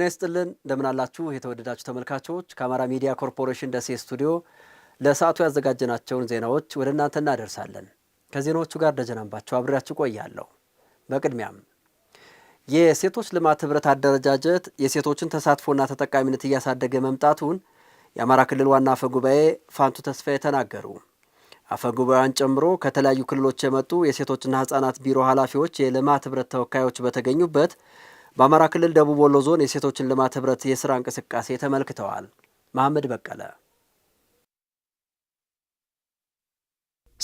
ጤና ይስጥልን እንደምናላችሁ የተወደዳችሁ ተመልካቾች። ከአማራ ሚዲያ ኮርፖሬሽን ደሴ ስቱዲዮ ለሰዓቱ ያዘጋጀናቸውን ዜናዎች ወደ እናንተ እናደርሳለን። ከዜናዎቹ ጋር ደጀናንባቸው አብሬያችሁ ቆያለሁ። በቅድሚያም የሴቶች ልማት ህብረት አደረጃጀት የሴቶችን ተሳትፎና ተጠቃሚነት እያሳደገ መምጣቱን የአማራ ክልል ዋና አፈ ጉባኤ ፋንቱ ተስፋዬ ተናገሩ። አፈ ጉባኤዋን ጨምሮ ከተለያዩ ክልሎች የመጡ የሴቶችና ህጻናት ቢሮ ኃላፊዎች፣ የልማት ህብረት ተወካዮች በተገኙበት በአማራ ክልል ደቡብ ወሎ ዞን የሴቶችን ልማት ህብረት የስራ እንቅስቃሴ ተመልክተዋል። መሐመድ በቀለ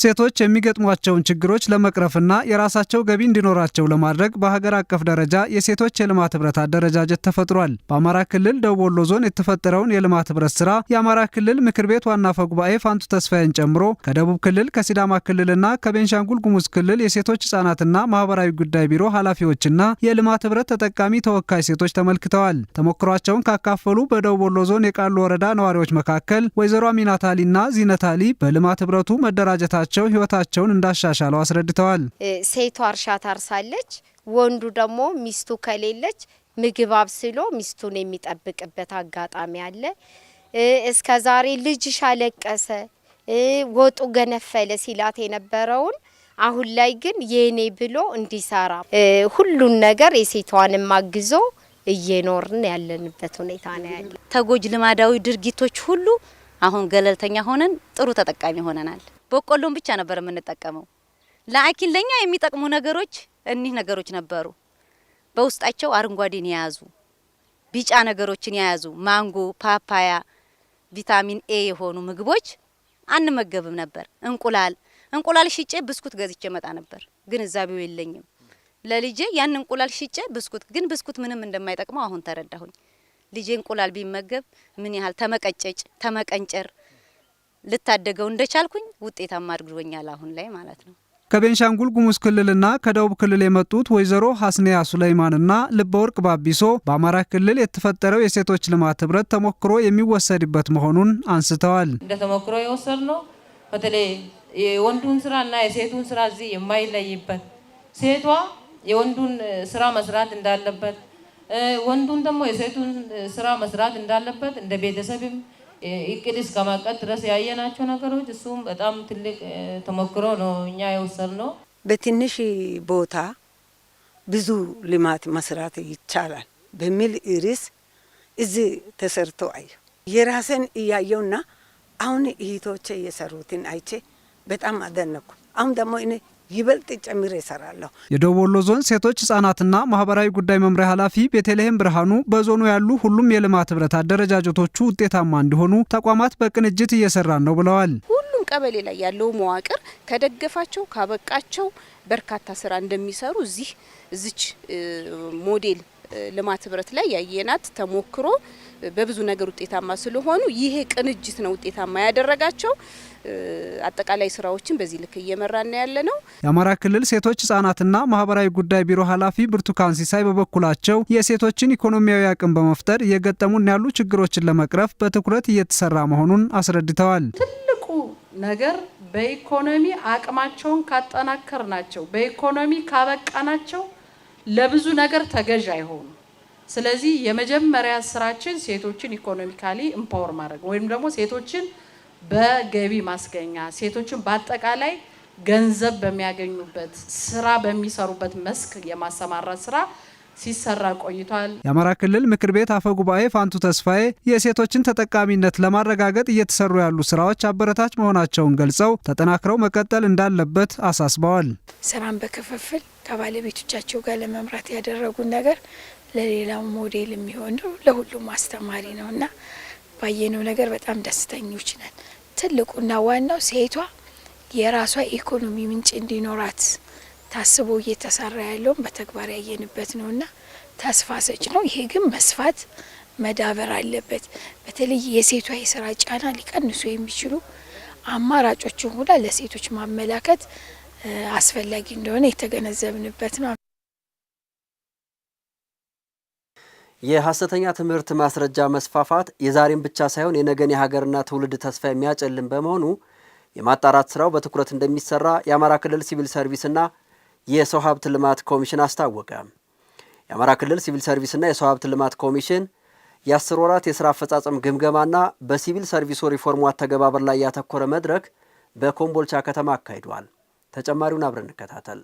ሴቶች የሚገጥሟቸውን ችግሮች ለመቅረፍና የራሳቸው ገቢ እንዲኖራቸው ለማድረግ በሀገር አቀፍ ደረጃ የሴቶች የልማት ህብረት አደረጃጀት ተፈጥሯል። በአማራ ክልል ደቡብ ወሎ ዞን የተፈጠረውን የልማት ህብረት ስራ የአማራ ክልል ምክር ቤት ዋና አፈ ጉባኤ ፋንቱ ተስፋዬን ጨምሮ ከደቡብ ክልል፣ ከሲዳማ ክልልና ከቤንሻንጉል ጉሙዝ ክልል የሴቶች ህጻናትና ማህበራዊ ጉዳይ ቢሮ ኃላፊዎችና የልማት ህብረት ተጠቃሚ ተወካይ ሴቶች ተመልክተዋል። ተሞክሯቸውን ካካፈሉ በደቡብ ወሎ ዞን የቃሉ ወረዳ ነዋሪዎች መካከል ወይዘሮ አሚናታሊና ዚነታሊ በልማት ህብረቱ መደራጀታ መምረጣቸው ህይወታቸውን እንዳሻሻለው አስረድተዋል። ሴቷ እርሻ ታርሳለች፣ ወንዱ ደግሞ ሚስቱ ከሌለች ምግብ አብስሎ ሚስቱን የሚጠብቅበት አጋጣሚ አለ። እስከ ዛሬ ልጅሽ አለቀሰ፣ ወጡ ገነፈለ ሲላት የነበረውን አሁን ላይ ግን የኔ ብሎ እንዲሰራ ሁሉን ነገር የሴቷንም አግዞ እየኖርን ያለንበት ሁኔታ ነው ያለ። ተጎጂ ልማዳዊ ድርጊቶች ሁሉ አሁን ገለልተኛ ሆነን ጥሩ ተጠቃሚ ሆነናል። በቆሎን ብቻ ነበር የምንጠቀመው። ለአኪን ለኛ የሚጠቅሙ ነገሮች እኒህ ነገሮች ነበሩ። በውስጣቸው አረንጓዴን የያዙ ቢጫ ነገሮችን የያዙ ማንጎ፣ ፓፓያ፣ ቪታሚን ኤ የሆኑ ምግቦች አንመገብም ነበር። እንቁላል እንቁላል ሽጬ ብስኩት ገዝቼ መጣ ነበር። ግንዛቤው የለኝም ለልጄ ያን እንቁላል ሽጬ ብስኩት ግን ብስኩት ምንም እንደማይጠቅመው አሁን ተረዳሁኝ። ልጄ እንቁላል ቢመገብ ምን ያህል ተመቀጨጭ ተመቀንጨር ልታደገው እንደቻልኩኝ ውጤታማ አድርጎኛል አሁን ላይ ማለት ነው። ከቤንሻንጉል ጉሙዝ ክልልና ከደቡብ ክልል የመጡት ወይዘሮ ሀስኒያ ሱለይማንና ልበወርቅ ባቢሶ በአማራ ክልል የተፈጠረው የሴቶች ልማት ህብረት ተሞክሮ የሚወሰድበት መሆኑን አንስተዋል። እንደ ተሞክሮ የወሰድ ነው። በተለይ የወንዱን ስራና የሴቱን ስራ እዚህ የማይለይበት ሴቷ የወንዱን ስራ መስራት እንዳለበት፣ ወንዱን ደግሞ የሴቱን ስራ መስራት እንዳለበት እንደ ቤተሰብም እቅድ እስከ ማቀድ ድረስ ያየናቸው ነገሮች እሱም በጣም ትልቅ ተሞክሮ ነው እኛ የወሰድነው። በትንሽ ቦታ ብዙ ልማት መስራት ይቻላል በሚል ርዕስ እዚህ ተሰርቶ አየሁ። የራሴን እያየውና አሁን እህቶቼ የሰሩትን አይቼ በጣም አደነኩ። አሁን ደግሞ እኔ ይበልጥ ጨምሬ ይሰራለሁ። የደቡብ ወሎ ዞን ሴቶች ህጻናትና ማህበራዊ ጉዳይ መምሪያ ኃላፊ ቤተልሔም ብርሃኑ በዞኑ ያሉ ሁሉም የልማት ህብረት አደረጃጀቶቹ ውጤታማ እንዲሆኑ ተቋማት በቅንጅት እየሰራን ነው ብለዋል። ሁሉም ቀበሌ ላይ ያለው መዋቅር ከደገፋቸው ካበቃቸው በርካታ ስራ እንደሚሰሩ እዚህ እዚች ሞዴል ልማት ህብረት ላይ ያየናት ተሞክሮ በብዙ ነገር ውጤታማ ስለሆኑ ይሄ ቅንጅት ነው ውጤታማ ያደረጋቸው። አጠቃላይ ስራዎችን በዚህ ልክ እየመራና ያለ ነው። የአማራ ክልል ሴቶች ህጻናትና ማህበራዊ ጉዳይ ቢሮ ኃላፊ ብርቱካን ሲሳይ በበኩላቸው የሴቶችን ኢኮኖሚያዊ አቅም በመፍጠር እየገጠሙን ያሉ ችግሮችን ለመቅረፍ በትኩረት እየተሰራ መሆኑን አስረድተዋል። ትልቁ ነገር በኢኮኖሚ አቅማቸውን ካጠናከር ናቸው፣ በኢኮኖሚ ካበቃ ናቸው ለብዙ ነገር ተገዥ አይሆኑ ስለዚህ የመጀመሪያ ስራችን ሴቶችን ኢኮኖሚካሊ ኢምፓወር ማድረግ ወይም ደግሞ ሴቶችን በገቢ ማስገኛ ሴቶችን በአጠቃላይ ገንዘብ በሚያገኙበት ስራ በሚሰሩበት መስክ የማሰማራት ስራ ሲሰራ ቆይቷል። የአማራ ክልል ምክር ቤት አፈ ጉባኤ ፋንቱ ተስፋዬ የሴቶችን ተጠቃሚነት ለማረጋገጥ እየተሰሩ ያሉ ስራዎች አበረታች መሆናቸውን ገልጸው ተጠናክረው መቀጠል እንዳለበት አሳስበዋል። ስራን በክፍፍል ከባለቤቶቻቸው ጋር ለመምራት ያደረጉን ነገር ለሌላው ሞዴል የሚሆነው ለሁሉም አስተማሪ ነው እና ባየነው ነገር በጣም ደስተኞች ነን። ትልቁና ዋናው ሴቷ የራሷ ኢኮኖሚ ምንጭ እንዲኖራት ታስቦ እየተሰራ ያለውን በተግባር ያየንበት ነው እና ተስፋ ሰጭ ነው። ይሄ ግን መስፋት መዳበር አለበት። በተለይ የሴቷ የስራ ጫና ሊቀንሱ የሚችሉ አማራጮችን ሁላ ለሴቶች ማመላከት አስፈላጊ እንደሆነ የተገነዘብንበት ነው። የሐሰተኛ ትምህርት ማስረጃ መስፋፋት የዛሬን ብቻ ሳይሆን የነገን የሀገርና ትውልድ ተስፋ የሚያጨልም በመሆኑ የማጣራት ስራው በትኩረት እንደሚሰራ የአማራ ክልል ሲቪል ሰርቪስና የሰው ሀብት ልማት ኮሚሽን አስታወቀ። የአማራ ክልል ሲቪል ሰርቪስና የሰው ሀብት ልማት ኮሚሽን የአስር ወራት የስራ አፈጻጸም ግምገማና በሲቪል ሰርቪሱ ሪፎርሙ አተገባበር ላይ ያተኮረ መድረክ በኮምቦልቻ ከተማ አካሂዷል። ተጨማሪውን አብረን እንከታተል።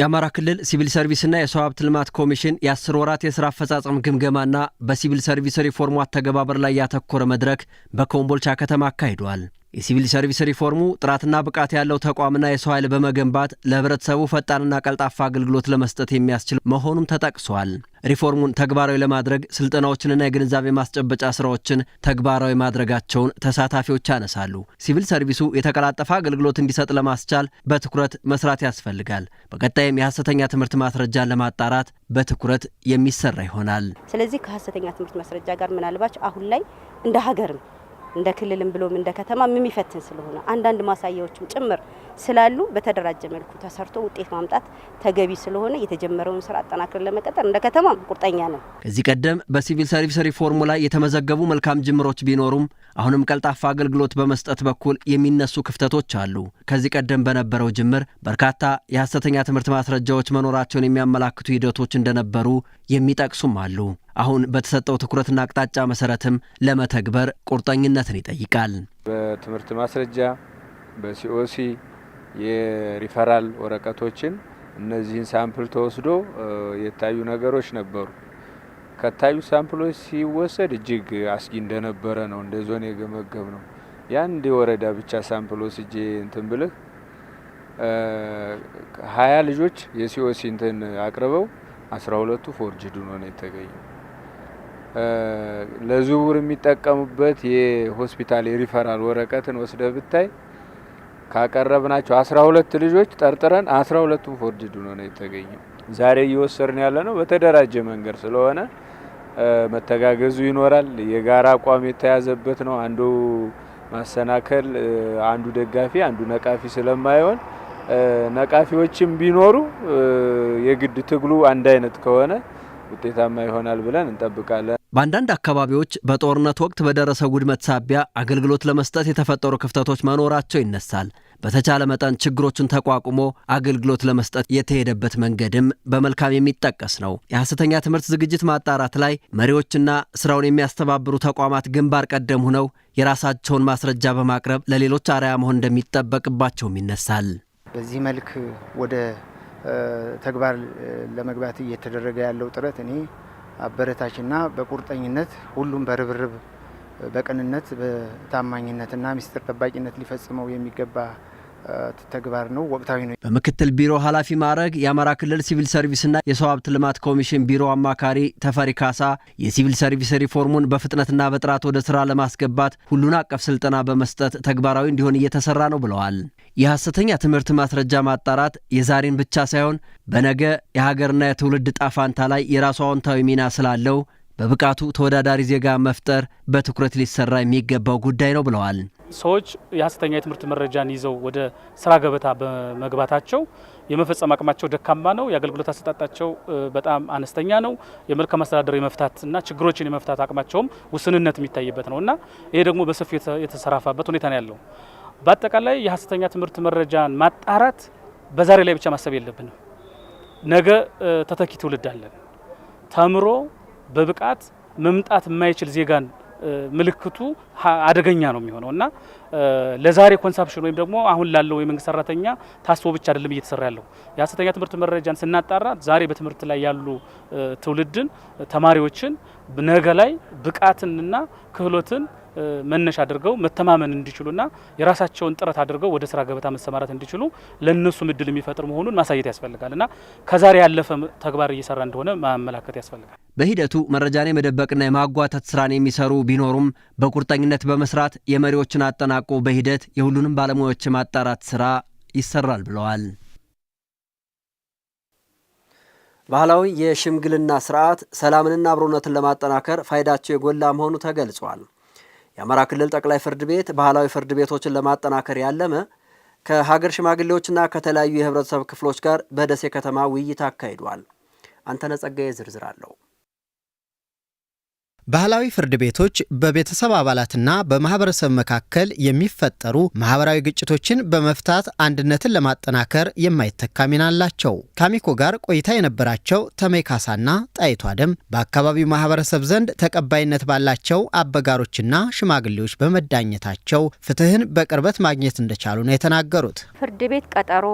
የአማራ ክልል ሲቪል ሰርቪስና የሰው ሀብት ልማት ኮሚሽን የአስር ወራት የስራ አፈጻጸም ግምገማና በሲቪል ሰርቪስ ሪፎርሙ አተገባበር ላይ ያተኮረ መድረክ በኮምቦልቻ ከተማ አካሂዷል። የሲቪል ሰርቪስ ሪፎርሙ ጥራትና ብቃት ያለው ተቋምና የሰው ኃይል በመገንባት ለህብረተሰቡ ፈጣንና ቀልጣፋ አገልግሎት ለመስጠት የሚያስችል መሆኑም ተጠቅሷል። ሪፎርሙን ተግባራዊ ለማድረግ ስልጠናዎችንና የግንዛቤ ማስጨበጫ ስራዎችን ተግባራዊ ማድረጋቸውን ተሳታፊዎች ያነሳሉ። ሲቪል ሰርቪሱ የተቀላጠፈ አገልግሎት እንዲሰጥ ለማስቻል በትኩረት መስራት ያስፈልጋል። በቀጣይም የሀሰተኛ ትምህርት ማስረጃን ለማጣራት በትኩረት የሚሰራ ይሆናል። ስለዚህ ከሀሰተኛ ትምህርት ማስረጃ ጋር ምናልባች አሁን ላይ እንደ ሀገርም እንደ ክልልም ብሎም እንደ ከተማ የሚፈትን ስለሆነ አንዳንድ ማሳያዎችም ጭምር ስላሉ በተደራጀ መልኩ ተሰርቶ ውጤት ማምጣት ተገቢ ስለሆነ የተጀመረውን ስራ አጠናክረን ለመቀጠል እንደ ከተማ ቁርጠኛ ነው። ከዚህ ቀደም በሲቪል ሰርቪስ ሪፎርሙ ላይ የተመዘገቡ መልካም ጅምሮች ቢኖሩም አሁንም ቀልጣፋ አገልግሎት በመስጠት በኩል የሚነሱ ክፍተቶች አሉ። ከዚህ ቀደም በነበረው ጅምር በርካታ የሀሰተኛ ትምህርት ማስረጃዎች መኖራቸውን የሚያመላክቱ ሂደቶች እንደነበሩ የሚጠቅሱም አሉ። አሁን በተሰጠው ትኩረትና አቅጣጫ መሰረትም ለመተግበር ቁርጠኝነትን ይጠይቃል። በትምህርት ማስረጃ፣ በሲኦሲ የሪፈራል ወረቀቶችን እነዚህን ሳምፕል ተወስዶ የታዩ ነገሮች ነበሩ። ከታዩ ሳምፕሎች ሲወሰድ እጅግ አስጊ እንደነበረ ነው እንደ ዞን የገመገብ ነው። የአንድ ወረዳ ብቻ ሳምፕል ወስጄ እንትን ብልህ ሀያ ልጆች የሲኦሲ እንትን አቅርበው አስራ ሁለቱ ፎርጅድ ሆኖ ነው የተገኘው። ለዝውውር የሚጠቀሙበት የሆስፒታል የሪፈራል ወረቀትን ወስደ ብታይ ካቀረብናቸው አስራ ሁለት ልጆች ጠርጥረን አስራ ሁለቱም ፎርጅድ ሆኖ ነው የተገኘው። ዛሬ እየወሰድን ያለ ነው በተደራጀ መንገድ ስለሆነ መተጋገዙ ይኖራል። የጋራ አቋም የተያዘበት ነው። አንዱ ማሰናከል፣ አንዱ ደጋፊ፣ አንዱ ነቃፊ ስለማይሆን ነቃፊዎችም ቢኖሩ የግድ ትግሉ አንድ አይነት ከሆነ ውጤታማ ይሆናል ብለን እንጠብቃለን። በአንዳንድ አካባቢዎች በጦርነት ወቅት በደረሰ ውድመት ሳቢያ አገልግሎት ለመስጠት የተፈጠሩ ክፍተቶች መኖራቸው ይነሳል። በተቻለ መጠን ችግሮችን ተቋቁሞ አገልግሎት ለመስጠት የተሄደበት መንገድም በመልካም የሚጠቀስ ነው። የሐሰተኛ ትምህርት ዝግጅት ማጣራት ላይ መሪዎችና ስራውን የሚያስተባብሩ ተቋማት ግንባር ቀደም ሆነው የራሳቸውን ማስረጃ በማቅረብ ለሌሎች አርያ መሆን እንደሚጠበቅባቸውም ይነሳል። በዚህ መልክ ወደ ተግባር ለመግባት እየተደረገ ያለው ጥረት እኔ አበረታችና በቁርጠኝነት ሁሉም በርብርብ በቅንነት በታማኝነትና ሚስጥር ጠባቂነት ሊፈጽመው የሚገባ ተግባር ነው፣ ወቅታዊ ነው። በምክትል ቢሮ ኃላፊ ማዕረግ የአማራ ክልል ሲቪል ሰርቪስና የሰው ሀብት ልማት ኮሚሽን ቢሮ አማካሪ ተፈሪ ካሳ የሲቪል ሰርቪስ ሪፎርሙን በፍጥነትና በጥራት ወደ ስራ ለማስገባት ሁሉን አቀፍ ስልጠና በመስጠት ተግባራዊ እንዲሆን እየተሰራ ነው ብለዋል። የሐሰተኛ ትምህርት ማስረጃ ማጣራት የዛሬን ብቻ ሳይሆን በነገ የሀገርና የትውልድ ጣፋንታ ላይ የራሱ አዎንታዊ ሚና ስላለው በብቃቱ ተወዳዳሪ ዜጋ መፍጠር በትኩረት ሊሰራ የሚገባው ጉዳይ ነው ብለዋል። ሰዎች የሀሰተኛ የትምህርት መረጃን ይዘው ወደ ስራ ገበታ በመግባታቸው የመፈጸም አቅማቸው ደካማ ነው። የአገልግሎት አሰጣጣቸው በጣም አነስተኛ ነው። የመልካም አስተዳደር የመፍታትና ችግሮችን የመፍታት አቅማቸውም ውስንነት የሚታይበት ነው እና ይሄ ደግሞ በሰፊው የተሰራፋበት ሁኔታ ነው ያለው። በአጠቃላይ የሀሰተኛ ትምህርት መረጃን ማጣራት በዛሬ ላይ ብቻ ማሰብ የለብንም። ነገ ተተኪ ትውልድ አለን ተምሮ በብቃት መምጣት የማይችል ዜጋን ምልክቱ አደገኛ ነው የሚሆነው እና ለዛሬ ኮንሳፕሽን ወይም ደግሞ አሁን ላለው የመንግስት ሰራተኛ ታስቦ ብቻ አይደለም እየተሰራ ያለው። የሀሰተኛ ትምህርት መረጃን ስናጣራ ዛሬ በትምህርት ላይ ያሉ ትውልድን፣ ተማሪዎችን ነገ ላይ ብቃትንና ክህሎትን መነሻ አድርገው መተማመን እንዲችሉና የራሳቸውን ጥረት አድርገው ወደ ስራ ገበታ መሰማራት እንዲችሉ ለእነሱም እድል የሚፈጥር መሆኑን ማሳየት ያስፈልጋል እና ከዛሬ ያለፈ ተግባር እየሰራ እንደሆነ ማመላከት ያስፈልጋል። በሂደቱ መረጃን የመደበቅና የማጓተት ስራን የሚሰሩ ቢኖሩም በቁርጠኝነት በመስራት የመሪዎችን አጠናቆ በሂደት የሁሉንም ባለሙያዎች የማጣራት ስራ ይሰራል ብለዋል። ባህላዊ የሽምግልና ስርዓት ሰላምንና አብሮነትን ለማጠናከር ፋይዳቸው የጎላ መሆኑ ተገልጿል። የአማራ ክልል ጠቅላይ ፍርድ ቤት ባህላዊ ፍርድ ቤቶችን ለማጠናከር ያለመ ከሀገር ሽማግሌዎችና ከተለያዩ የህብረተሰብ ክፍሎች ጋር በደሴ ከተማ ውይይት አካሂዷል። አንተነጸጋዬ ዝርዝር አለው። ባህላዊ ፍርድ ቤቶች በቤተሰብ አባላትና በማህበረሰብ መካከል የሚፈጠሩ ማህበራዊ ግጭቶችን በመፍታት አንድነትን ለማጠናከር የማይተካ ሚና አላቸው። ካሚኮ ጋር ቆይታ የነበራቸው ተሜካሳና ጣይቷ ደም በአካባቢው ማህበረሰብ ዘንድ ተቀባይነት ባላቸው አበጋሮችና ሽማግሌዎች በመዳኘታቸው ፍትህን በቅርበት ማግኘት እንደቻሉ ነው የተናገሩት። ፍርድ ቤት ቀጠሮ፣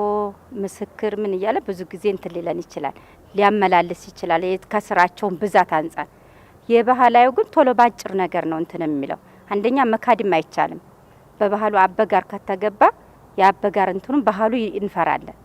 ምስክር ምን እያለ ብዙ ጊዜ እንትን ሊለን ይችላል፣ ሊያመላልስ ይችላል ከስራቸውን ብዛት አንጻር የባህላዊ ግን ቶሎ ባጭር ነገር ነው እንትን የሚለው አንደኛ መካድም አይቻልም። በባህሉ አበጋር ከተገባ የአበጋር እንትኑን ባህሉ እንፈራለን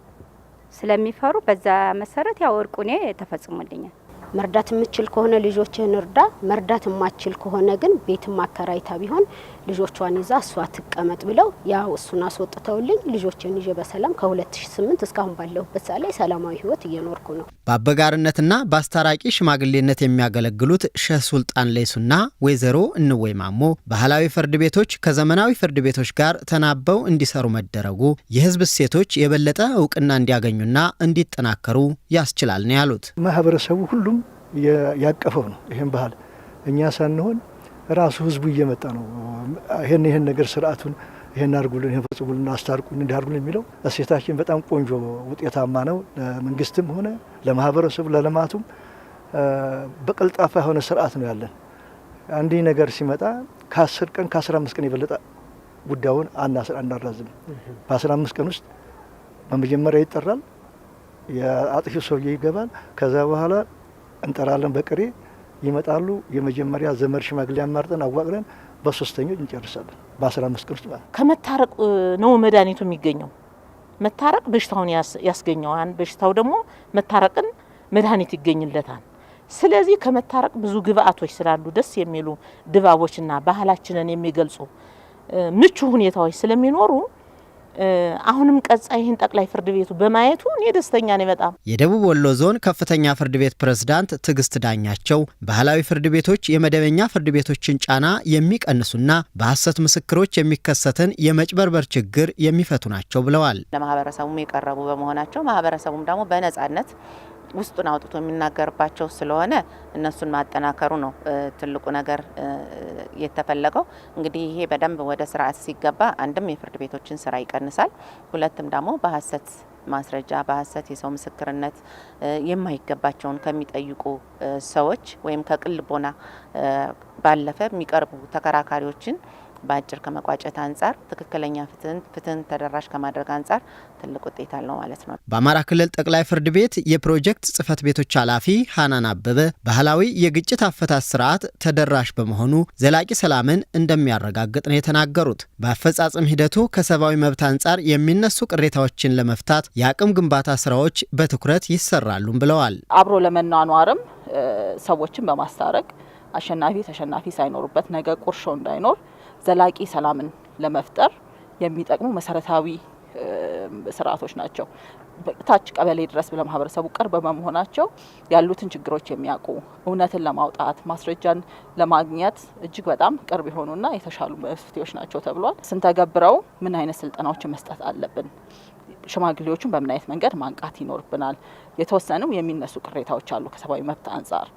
ስለሚፈሩ በዛ መሰረት ያው እርቁ እኔ ተፈጽሞልኛል። መርዳት የምችል ከሆነ ልጆችህን እርዳ። መርዳት የማችል ከሆነ ግን ቤት ማከራይታ ቢሆን ልጆቿን ይዛ እሷ ትቀመጥ ብለው ያው እሱን አስወጥተውልኝ ልጆችን ይዤ በሰላም ከ2008 እስካሁን ባለሁበት ሰዓት ላይ ሰላማዊ ህይወት እየኖርኩ ነው። በአበጋርነትና በአስታራቂ ሽማግሌነት የሚያገለግሉት ሸህ ሱልጣን ሌሱና ወይዘሮ እንወይ ማሞ ባህላዊ ፍርድ ቤቶች ከዘመናዊ ፍርድ ቤቶች ጋር ተናበው እንዲሰሩ መደረጉ የህዝብ እሴቶች የበለጠ እውቅና እንዲያገኙና እንዲጠናከሩ ያስችላል ነው ያሉት። ማህበረሰቡ ሁሉም ያቀፈው ነው ይህም ባህል እኛ ሳንሆን ራሱ ህዝቡ እየመጣ ነው። ይሄን ይሄን ነገር ስርዓቱን ይሄን አድርጉልን፣ ይሄን ፈጽሙልን፣ አስታርቁን፣ እንዲያርጉልን የሚለው እሴታችን በጣም ቆንጆ ውጤታማ ነው። ለመንግስትም ሆነ ለማህበረሰቡ ለልማቱም በቀልጣፋ የሆነ ስርዓት ነው ያለን። አንድ ነገር ሲመጣ ከአስር ቀን ከአስራ አምስት ቀን የበለጠ ጉዳዩን አናራዝም። በአስራ አምስት ቀን ውስጥ በመጀመሪያ ይጠራል፣ የአጥፊው ሰውዬ ይገባል። ከዛ በኋላ እንጠራለን በቅሬ ይመጣሉ። የመጀመሪያ ዘመድ ሽማግሌ አማርጠን አዋቅረን በሶስተኞች እንጨርሳለን። በ15 ቀን ማለት ከመታረቅ ነው መድኃኒቱ የሚገኘው። መታረቅ በሽታውን ያስገኘዋል። በሽታው ደግሞ መታረቅን መድኃኒት ይገኝለታል። ስለዚህ ከመታረቅ ብዙ ግብአቶች ስላሉ ደስ የሚሉ ድባቦችና ባህላችንን የሚገልጹ ምቹ ሁኔታዎች ስለሚኖሩ አሁንም ቀጻይ ይህን ጠቅላይ ፍርድ ቤቱ በማየቱ እኔ ደስተኛ ነኝ በጣም። የደቡብ ወሎ ዞን ከፍተኛ ፍርድ ቤት ፕሬዝዳንት ትዕግስት ዳኛቸው ባህላዊ ፍርድ ቤቶች የመደበኛ ፍርድ ቤቶችን ጫና የሚቀንሱና በሐሰት ምስክሮች የሚከሰትን የመጭበርበር ችግር የሚፈቱ ናቸው ብለዋል። ለማህበረሰቡም የቀረቡ በመሆናቸው ማህበረሰቡም ደግሞ በነጻነት ውስጡን አውጥቶ የሚናገርባቸው ስለሆነ እነሱን ማጠናከሩ ነው ትልቁ ነገር የተፈለገው። እንግዲህ ይሄ በደንብ ወደ ስርዓት ሲገባ አንድም የፍርድ ቤቶችን ስራ ይቀንሳል፣ ሁለትም ደግሞ በሀሰት ማስረጃ በሀሰት የሰው ምስክርነት የማይገባቸውን ከሚጠይቁ ሰዎች ወይም ከቅልቦና ባለፈ የሚቀርቡ ተከራካሪዎችን በአጭር ከመቋጨት አንጻር ትክክለኛ ፍትህን ተደራሽ ከማድረግ አንጻር ትልቅ ውጤት አለው ማለት ነው። በአማራ ክልል ጠቅላይ ፍርድ ቤት የፕሮጀክት ጽህፈት ቤቶች ኃላፊ ሀናን አበበ ባህላዊ የግጭት አፈታት ስርዓት ተደራሽ በመሆኑ ዘላቂ ሰላምን እንደሚያረጋግጥ ነው የተናገሩት። በአፈጻጽም ሂደቱ ከሰብአዊ መብት አንጻር የሚነሱ ቅሬታዎችን ለመፍታት የአቅም ግንባታ ስራዎች በትኩረት ይሰራሉም ብለዋል። አብሮ ለመኗኗርም ሰዎችን በማስታረቅ አሸናፊ ተሸናፊ ሳይኖሩበት ነገ ቁርሾ እንዳይኖር ዘላቂ ሰላምን ለመፍጠር የሚጠቅሙ መሰረታዊ ስርዓቶች ናቸው። ታች ቀበሌ ድረስ ለማህበረሰቡ ቅርብ በመሆናቸው ያሉትን ችግሮች የሚያውቁ እውነትን ለማውጣት ማስረጃን ለማግኘት እጅግ በጣም ቅርብ የሆኑና የተሻሉ መፍትሄዎች ናቸው ተብሏል። ስንተገብረው ምን አይነት ስልጠናዎችን መስጠት አለብን? ሽማግሌዎቹን በምን አይነት መንገድ ማንቃት ይኖርብናል? የተወሰኑ የሚነሱ ቅሬታዎች አሉ ከሰብአዊ መብት አንጻር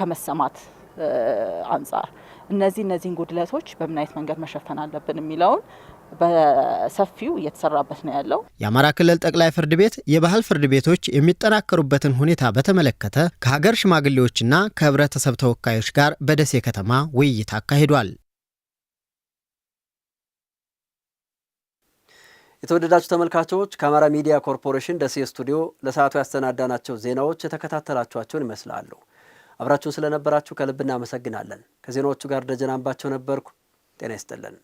ከመሰማት አንጻር እነዚህ እነዚህን ጉድለቶች በምን አይነት መንገድ መሸፈን አለብን የሚለውን በሰፊው እየተሰራበት ነው ያለው። የአማራ ክልል ጠቅላይ ፍርድ ቤት የባህል ፍርድ ቤቶች የሚጠናከሩበትን ሁኔታ በተመለከተ ከሀገር ሽማግሌዎችና ከህብረተሰብ ተወካዮች ጋር በደሴ ከተማ ውይይት አካሂዷል። የተወደዳችሁ ተመልካቾች ከአማራ ሚዲያ ኮርፖሬሽን ደሴ ስቱዲዮ ለሰዓቱ ያሰናዳናቸው ዜናዎች የተከታተላችኋቸውን ይመስላሉ። አብራችሁን ስለነበራችሁ ከልብ እናመሰግናለን። ከዜናዎቹ ጋር ደጀን ነበርኩ። ጤና ይስጥልን።